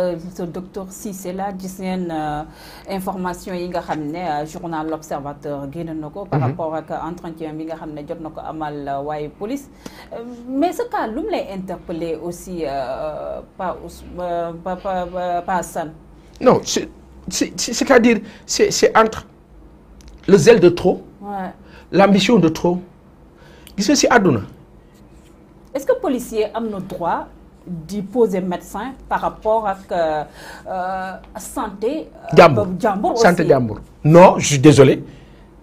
Euh, docteur Cissé la gis une euh, information yi a ramené euh, journal l'Observateur génn par mhm. rapport à entretien qui nga été jot amal police mais ce cas lu mu interpellé aussi par pas non c'est c'est-à-dire c'est entre le zèle de trop l'ambition de trop Qu'est-ce que c'est Aduna est-ce que les policiers ont nos droit d'y poser médecin par rapport à euh, euh, santé. Euh, jambe, santé non je suis désolé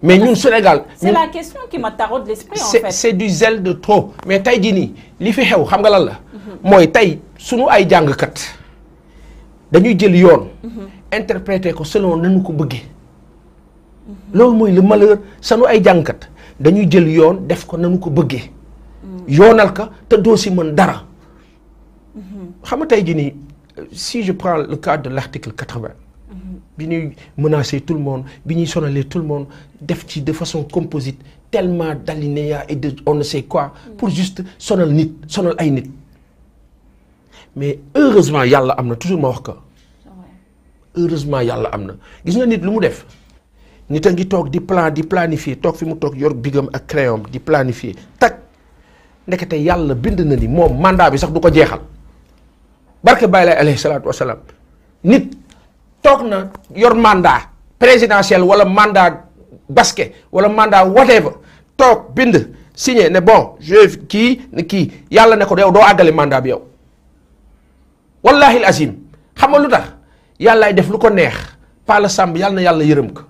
mais ñun Sénégal. c'est la question qui m'attarote l'esprit c'est du zèle de trop. mais tay di que li fi xew xam nga mhm. sunu ay kat dañuy jël yoon. Mhm. interpréter ko selon nañu ko bëggé mhm. le malheur sanu ay kat dañuy jël yoon def ko nañu ko nous te xam nga tey jii si je prends le cas de l'article 80, quatre bi ñuy menacer tout le monde bi ñuy sonaler tout le monde def ci de façon composite tellement d' et de on ne sait quoi pour juste sonal nit sonal ay nit mais heureusement yàlla am na toujours ma wax ko heureusement yàlla am na gis nga nit lu mu def nit a ngi toog di plan di planifier toog fi mu toog yor bigam ak crayon di planifier tak ndekete yàlla bind na ni moom mandat bi sax du ko barke Baye Laye alayhi salaatu wa nit toog na yor mandat présidentiel wala mandat basket wala mandat whatever toog bind signé ne bon je kii kii yàlla ne ko yow doo àggale mandat bi yow. wallahi al azim xam nga lu tax yàllaay def lu ko neex Palla Samb yàlla na yàlla yërëm ko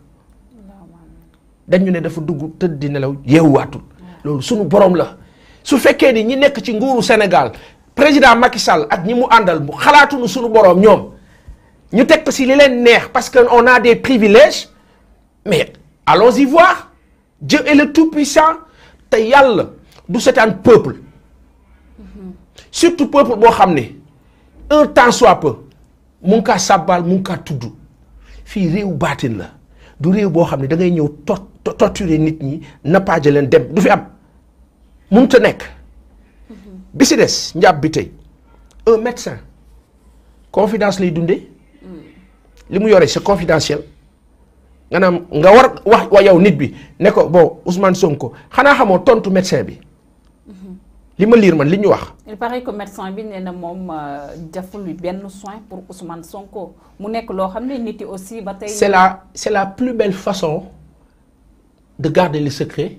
dañu ne dafa dugg tëdd di nelaw yeewuwaatul loolu sunu borom la su fekkee ni ñi nekk ci nguuru senegal président Macky Sall ak ñi mu àndal bu xalaatuñu suñu borom ñom ñu tek ci li leen neex parce que on a des privilèges mais allons-y voir Dieu est le tout-puissant te yàlla du setan peuple surtout peuple bo xamné un temps soit peu mu ka kaa mu ngi kaa tudd réew la du réew bo xamné da ngay ñew torturer nit ñi nappaaje jëlen dem du fi am nek bi si bi un médecin confidence li dundé, li mu yore c'est confidentiel nga nga war wax wa yow nit bi ne ko bon Ousmane Sonko xanaa xamoo tontu médecin bi mhm. li ma lire man li ñu wax. il paraît que médecin bi nee na moom bien euh, benn soin pour Ousmane Sonko mu nek lo, xam niti aussi ba c'est la c'est la plus belle façon de garder le secret.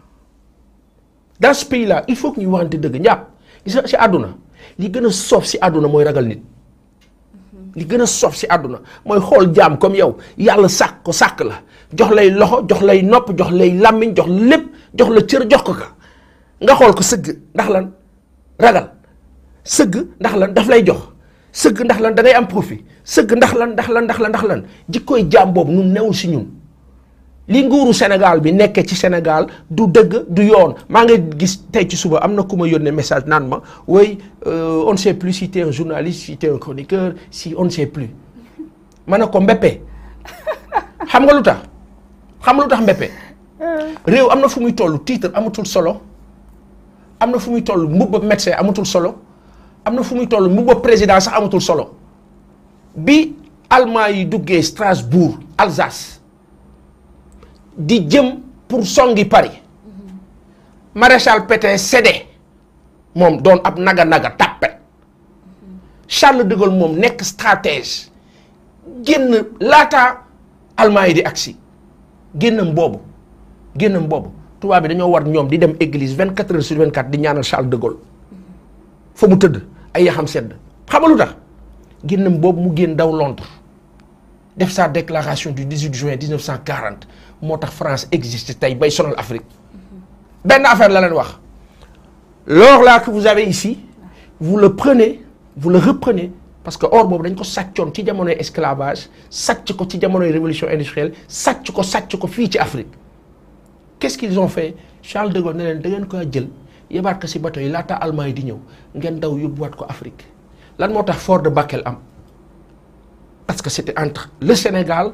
dans ce pays là il faut ñuy waxante dëgg njàpp si àdduna li gën a soof si àdduna mooy ragal nit li gën a soof si àdduna mooy xool jaam comme yow yàlla sàkk ko sàkk la jox lay loxo jox lay nopp jox lay làmmiñ jox lépp jox la cër jox ko ka nga xool ko sëgg ndax lan ragal sëgg ndax lan daf lay jox sëgg ndax lan da ngay am profit sëgg ndax lan ndax lan ndax lan ndax lan jikkooy jaam boobu ñun newul si ñun li nguuru Sénégal bi nekkee ci Sénégal du deug du yoon ma ngi gis tay ci suba amna kuma ku message naan ma oui euh, on ne sait plus si t'es un journaliste si t'es un chroniqueur si on ne sait plus manako ne xam nga lutax xam lutax lu rew amna fu muy titre amatul solo amna na fu muy toll mbubba médecin amatul solo amna na fu muy président sax amatul solo bi Allemand yi Strasbourg Alsace di jëm pour songi Paris maréchal Pétain cédé mom don ab naga naga tàppet Charles de Gaulle mom nek stratège génn Lata, Allemagne yi di agsi génnam bobu génnam boobu tubaab bi dañoo war ñom di dem église 24 heures sur 24 di ñaanal Charles de Gaulle fa mu tëdd ay xam sedd xamalu tax génnam bobu mu génn daw Londres def sa déclaration du 18 juin 1940 Monte France existe ils bay sonal Afrique Ben affaire la l'or là que vous avez ici vous le prenez vous le reprenez parce que or ko ci esclavage sàcc ko révolution industrielle un ko Afrique qu'est-ce qu'ils ont fait Charles de Gaulle ne leen da ngeen koy bateau, il ko si bato yi allemand, Il yi di ñëw ngeen daw yóbbuwaat ko Afrique lan fort de Bakel parce que c'était entre le Sénégal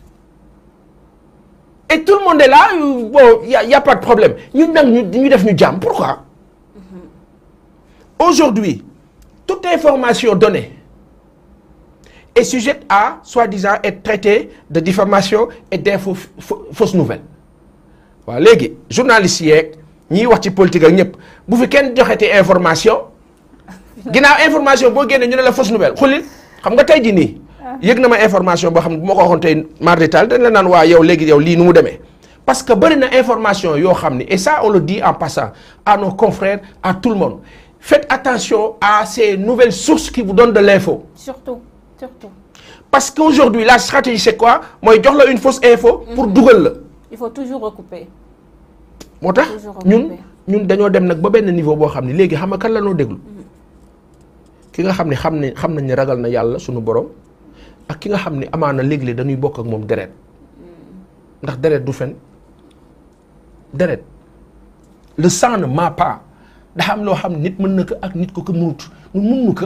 et tout le monde est là euh, bon n'y a pas de problème Nous, devons ñu dire def pourquoi. Mm-hmm. aujourd'hui toute information donnée est sujette à soi-disant être traitée de diffamation et de fausses nouvelles. Voilà, les journalistes, ni ñiy wax ci politique ak vous bu fi kenn joxetee information information vous ñu la fausse nouvelle Vous xam nga yëg na ma information boo xam ne bu ma ko waxoon mardi tal dañ la naan waa yow léegi yow li nu mu parce que bari na information yo xam et ça on le dit en passant à nos confrères à tout le monde faites attention à ces nouvelles sources qui vous donnent de l'info. surtout surtout. parce qu'aujourd'hui la stratégie c'est quoi mooy jox la une fausse info. pour mm-hmm. dugal la. il faut toujours recouper. moo ñun ñun dañoo dem nak ba ben niveau bo xamni ne léegi xam nga kan la noo déglu. Mm-hmm. ki nga xamni ne xam ne nañ ragal na yalla suñu borom. ak ki nga xam ne amaan léeg-léeg dañuy bokk ak moom deret ndax deret du fen deret le sang ne ment pas dafa am loo xam nit mën na ko ak nit ko ko mënut ñun mënuñu ko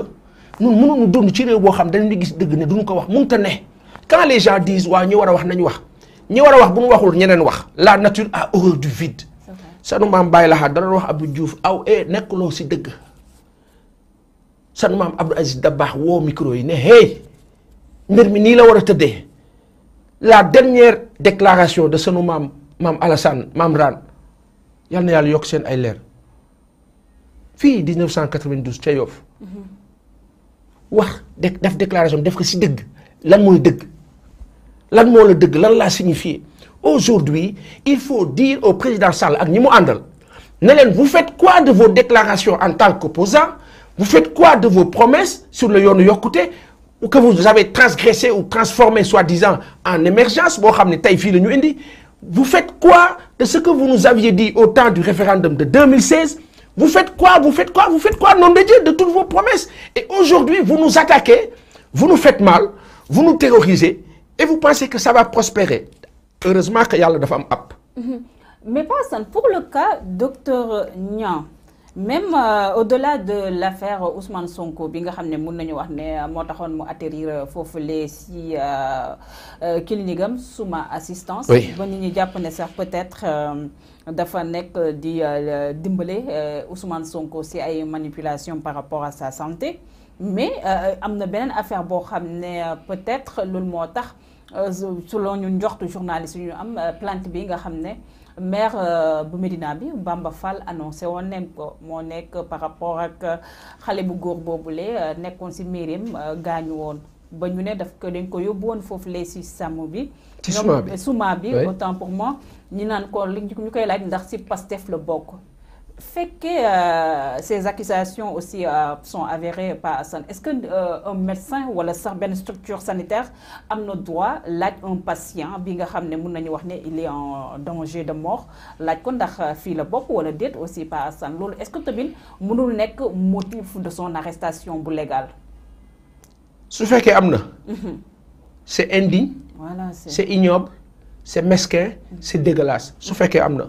ñun mënuñu dund ci réew boo xam dañu gis dëgg ne du duñu ko wax mun a ne quand les gens disent ñi war a wax nañu wax ñi war a wax bu ñu waxul ñeneen wax la nature a horreur du vide sanu maam Baye Lahat dana wax Abdou Diouf aw e nekkuloo si dëgg sanu maam Abdou Aziz Dabakh woo micro yi ne hey mbir la war a tëddee la dernière déclaration de sunu maam maam Alassane maam Ran, yal na yàlla yokk seen ay leer fii 1992 ca Yoff wax def déclaration def ko si dëgg lan mooy dëgg lan moo la dëgg lan laa aujourd'hui il faut dire au président Sall ak ñi mu vous faites quoi de vos déclarations en tant qu'opposant vous faites quoi de vos promesses sur le yoonu yokkute ou que vous avez transgressé ou transformé soi-disant en émergence vous faites quoi de ce que vous nous aviez dit au temps du référendum de 2016 vous faites quoi vous faites quoi vous faites quoi nom de Dieu de toutes vos promesses et aujourd'hui vous nous attaquez vous nous faites mal vous nous terrorisez et vous pensez que ça va prospérer heureusement qu'il y a la femme app mm-hmm. mais pas pour le cas docteur Nyan même euh, au-delà de l'affaire Ousmane Sonko bi nga xamné ne nañu wax né mo taxone mu atterrir fofu les si euh, euh, clinique am suma assistance ba nit ñi japp né sax peut-être dafa nek di dimbale Ousmane Sonko si ay manipulation par rapport à sa santé mais am na affaire bo xamné peut-être lool moo tax selon jox njortu journaliste ñu am plainte bi nga xamné maire euh, bu Médina bi Bamba Fall annoncé woon nañ ko mo nek par rapport ak xalé bu góor boobule euh, nekkoon ci miirim euh, gañu won ba ñu né daf ko dañ ko yóbbu woon foofu lee si bi. ci suma bi autant pour moi ñu nan ko li ñu koy laaj ndax si Pastef le bokk fait que euh, ces accusations aussi euh, sont avérées par Hassan. est-ce qu'un euh, médecin ou la structure sanitaire a le droit d'un un patient qui il est en danger de mort laaj ko ndax le la bokk wala aussi par Hassan est-ce que tamit mënul le motif de son arrestation légale Ce fait qu'il amna, mhm. c'est indigne voilà c'est ignoble c'est mesquin mhm. c'est dégueulasse su qu'il am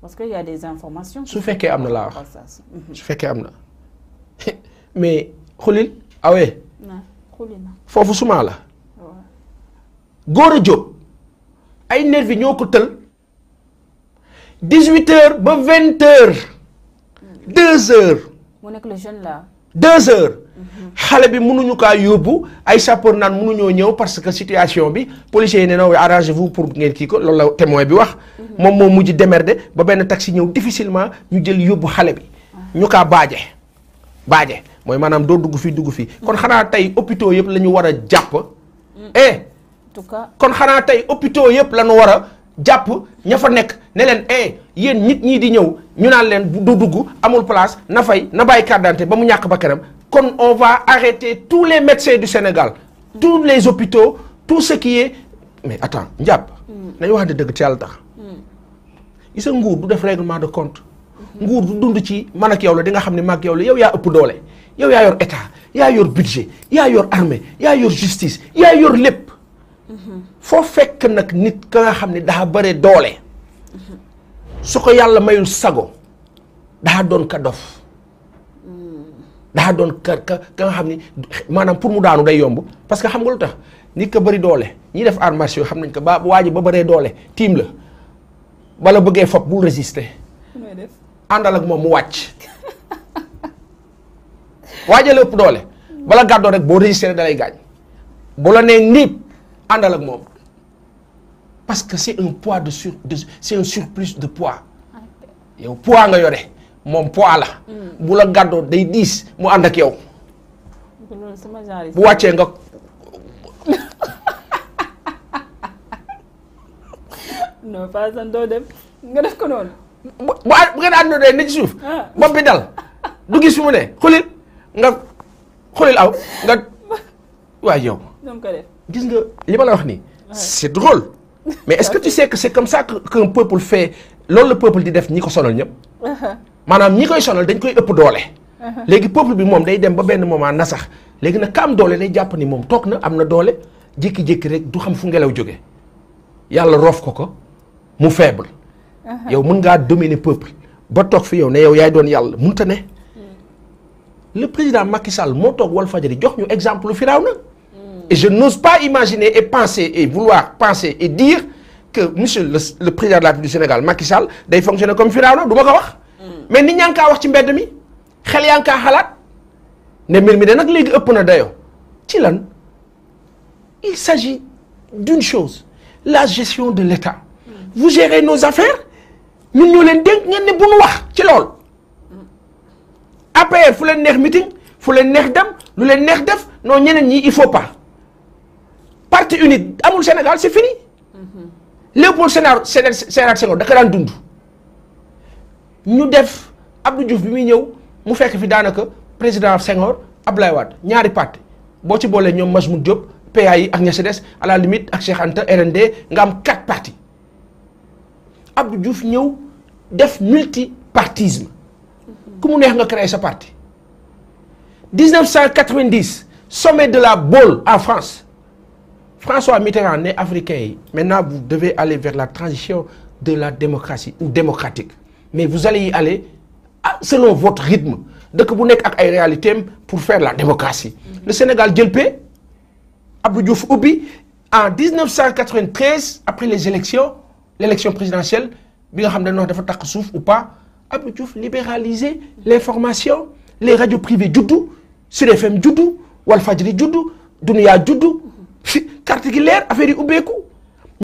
parce qu'il y a des informations. Je fais qu'il y a fais Sous fait y Mais, Khoulil, ah ouais. Non, Koulin. Faut vous là. Ouais. Gore Diop, il y a une 18 h 20 h 2 h Vous le jeune là. 2 h xalé bi mënuñu ka yobbu ay sapeur nan mënuñu ñew parce que situation bi policier né naw arrangez vous pour ngeen ki ko loolu la témoin bi wax mom mo mujj démerder ba ben taxi ñew difficilement ñu jël yobbu xalé bi ñu ka baaje baaje moy manam do dugg fi dugg fi kon xana tay hôpitaux yépp lañu wara japp mm. eh kon xana tay hôpitaux yépp lañu wara japp ña fa nek ne len eh yeen nit ñi di ñu naan len do dugg amul place na fay na bay carte d'identité ba mu ñak on va arrêter tous les médecins du Sénégal, tous les hôpitaux, tout ce qui est... Mais attends, Ndiap, nañu wax de Vous avez tax gis nga nguur du règlement de compte Ngour, du dund ci man ak yow la des yow la état y'a yor budget y'a yor armée y'a yor justice yaa yor lépp foo faire nag nit ka bare a sago ka daa doon ka ka ka nga xam ni maanaam pour mu daanu day yomb parce que xam nga lu tax nit ka bëri doole ñiy def arts yoo xam nañ ko ba waa ba bëree doole tiim la bala bëggee foofu bul résister. àndal ak moom mu wàcc. waajal ëpp doole. bala gàddoo rek boo résister da lay gaañ. bu la nee niib àndal ak moom parce que c'est un poids de sur de c'est un surplus de poids ah, yow poids nga yore. mon poids la. Mm. bu la gaddo day diis mu ànd ak yow. bu wàccee nga. non Fassane do dem nga def ko non bu bu ngeen àndandoo ni ci suuf. Ah. bopp bi dal du gis fi mu ne xulil nga xulil aw nga waay yow. gis nga li ma la wax ni ah. c'est drôle. mais est-ce que tu sais que c'est comme ça qu'un peuple fait loolu le peuple di def ñi ko sonal ñep manam ñi koy sonal dañ koy ëpp doole. Uh-huh. légui peuple bi mom day dem ba benn moment na sax léegi nag kaam doole day jàpp ni mom tok na amna na doole jékki-jékki rek du xam fu ngelaw jóge yalla rof ko ko mu faible. Uh-huh. yow mën nga dominer peuple ba tok fi yow ne yow yaay doon yàlla mënta ne. Hmm. le président Macky Sall tok wal Walfadjri jox ñu exemple Firawna. Hmm. et je n'ose pas imaginer et penser et vouloir penser et dire que monsieur le, le président de la République du Sénégal Macky Sall day fonctionner comme Firawna du ma ko wax mais nit mi ne de nak il s'agit d'une chose la gestion de l'État vous gérez nos affaires nous ñu leen ngeen ne bu ñu wax ci lool APR fu leen neex meeting fu leen neex non il faut pas parti unique amul Sénégal c'est fini mm-hmm. Léopold Sénégal, c'est que da ñu def Abdou Diouf bi muy ñëw mu fekk fi daanaka président Senghor Abdoulaye Wade ñaari parti boo ci boolee ñoom Majmout Diop PA yi ak ña des à la limite ak Cheikh Anta RND nga am quatre partis Abdou Diouf ñëw def multipartisme ku mu neex nga créer sa parti 1990 sommet de la boule en France François Mitterrand est africain maintenant vous devez aller vers la transition de la démocratie ou démocratique mais vous allez y aller ah, selon votre rythme Donc vous n'êtes pas réalité pour faire la démocratie. Mhm. le Sénégal jël Abu Abdou Diouf Oubi, en 1993 après les élections l'élection présidentielle bi nga ou pas Diouf libéraliser l'information les radios privées djoudou, sur FM juddu Walfadjri Djoudou, Dunia Djoudou, mhm. carte gi leer